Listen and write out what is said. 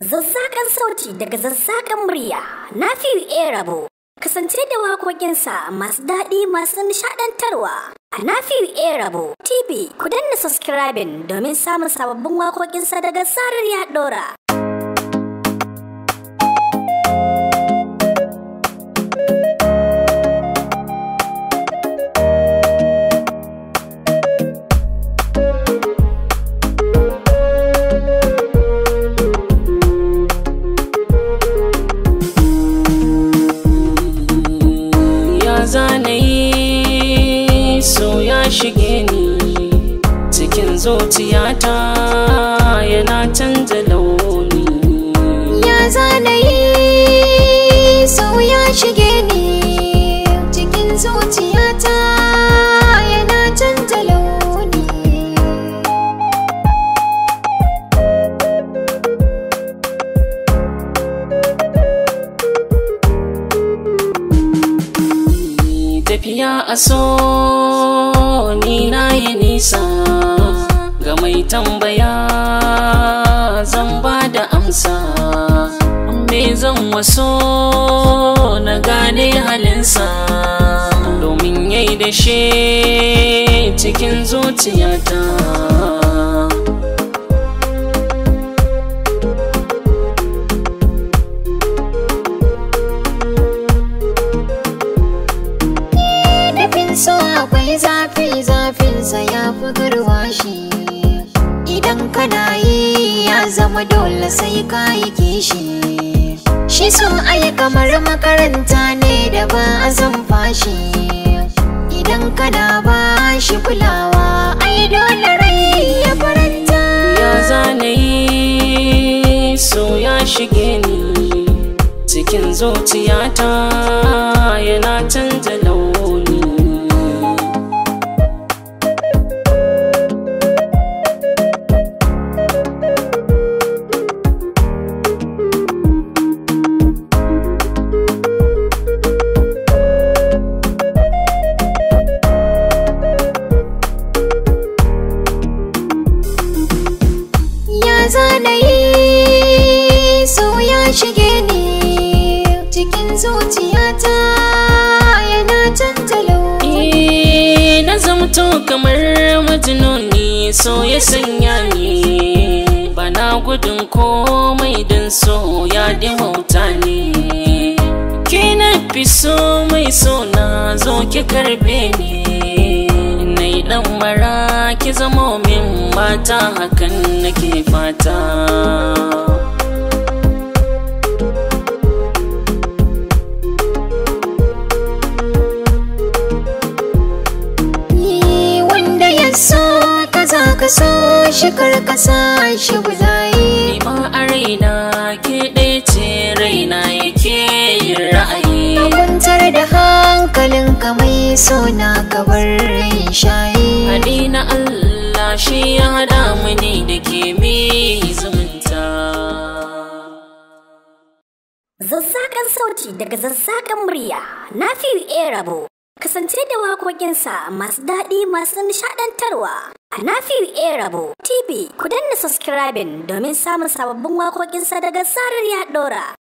Zazzakan sauti daga zazzakan murya na fiye Erabo. Kasance da wakokinsa masu daɗi masu nishaɗantarwa a Nafi'u Erabo TV ku danna subscribing domin samun sababbin wakokinsa daga tsarin ya ɗora. zanayi so ya shige ni cikin zuciyata tafiya a so ni na yi nisa ga mai tambaya zan ba da amsa me zan waso na gane halinsa domin yayi da shi cikin zuciyata shi idan kana yi ya zama dole sai ka yi kishi shi so ai kamar makaranta ne da ba a san fashi idan kana ba shi kulawa ai dole rai ya faranta ya zanayi so ya shige ni cikin zuciyata yana canza lauwa. To kamar majinuni so ya sanya ni bana gudun komai don so ya dimauta ni ke na fi so mai so na zo ki karbe ni nai dan mara ki zamo min mata hakan nake fata so shi karkasa shi bulayi Nima a raina ke ɗaya ce raina yake yin ra'ayi Kwantar da hankalin kamai mai so na kabar rain shayi Allah shi ya hada mini da ke zumunta Zazzakan sauti daga zazzakan murya na fi rabo kasance da waƙoƙinsa masu daɗi masu nishaɗantarwa Nafi'u Erabo TV ku danna subscribing domin samun sababbin waƙoƙinsa daga zarar ya ɗora.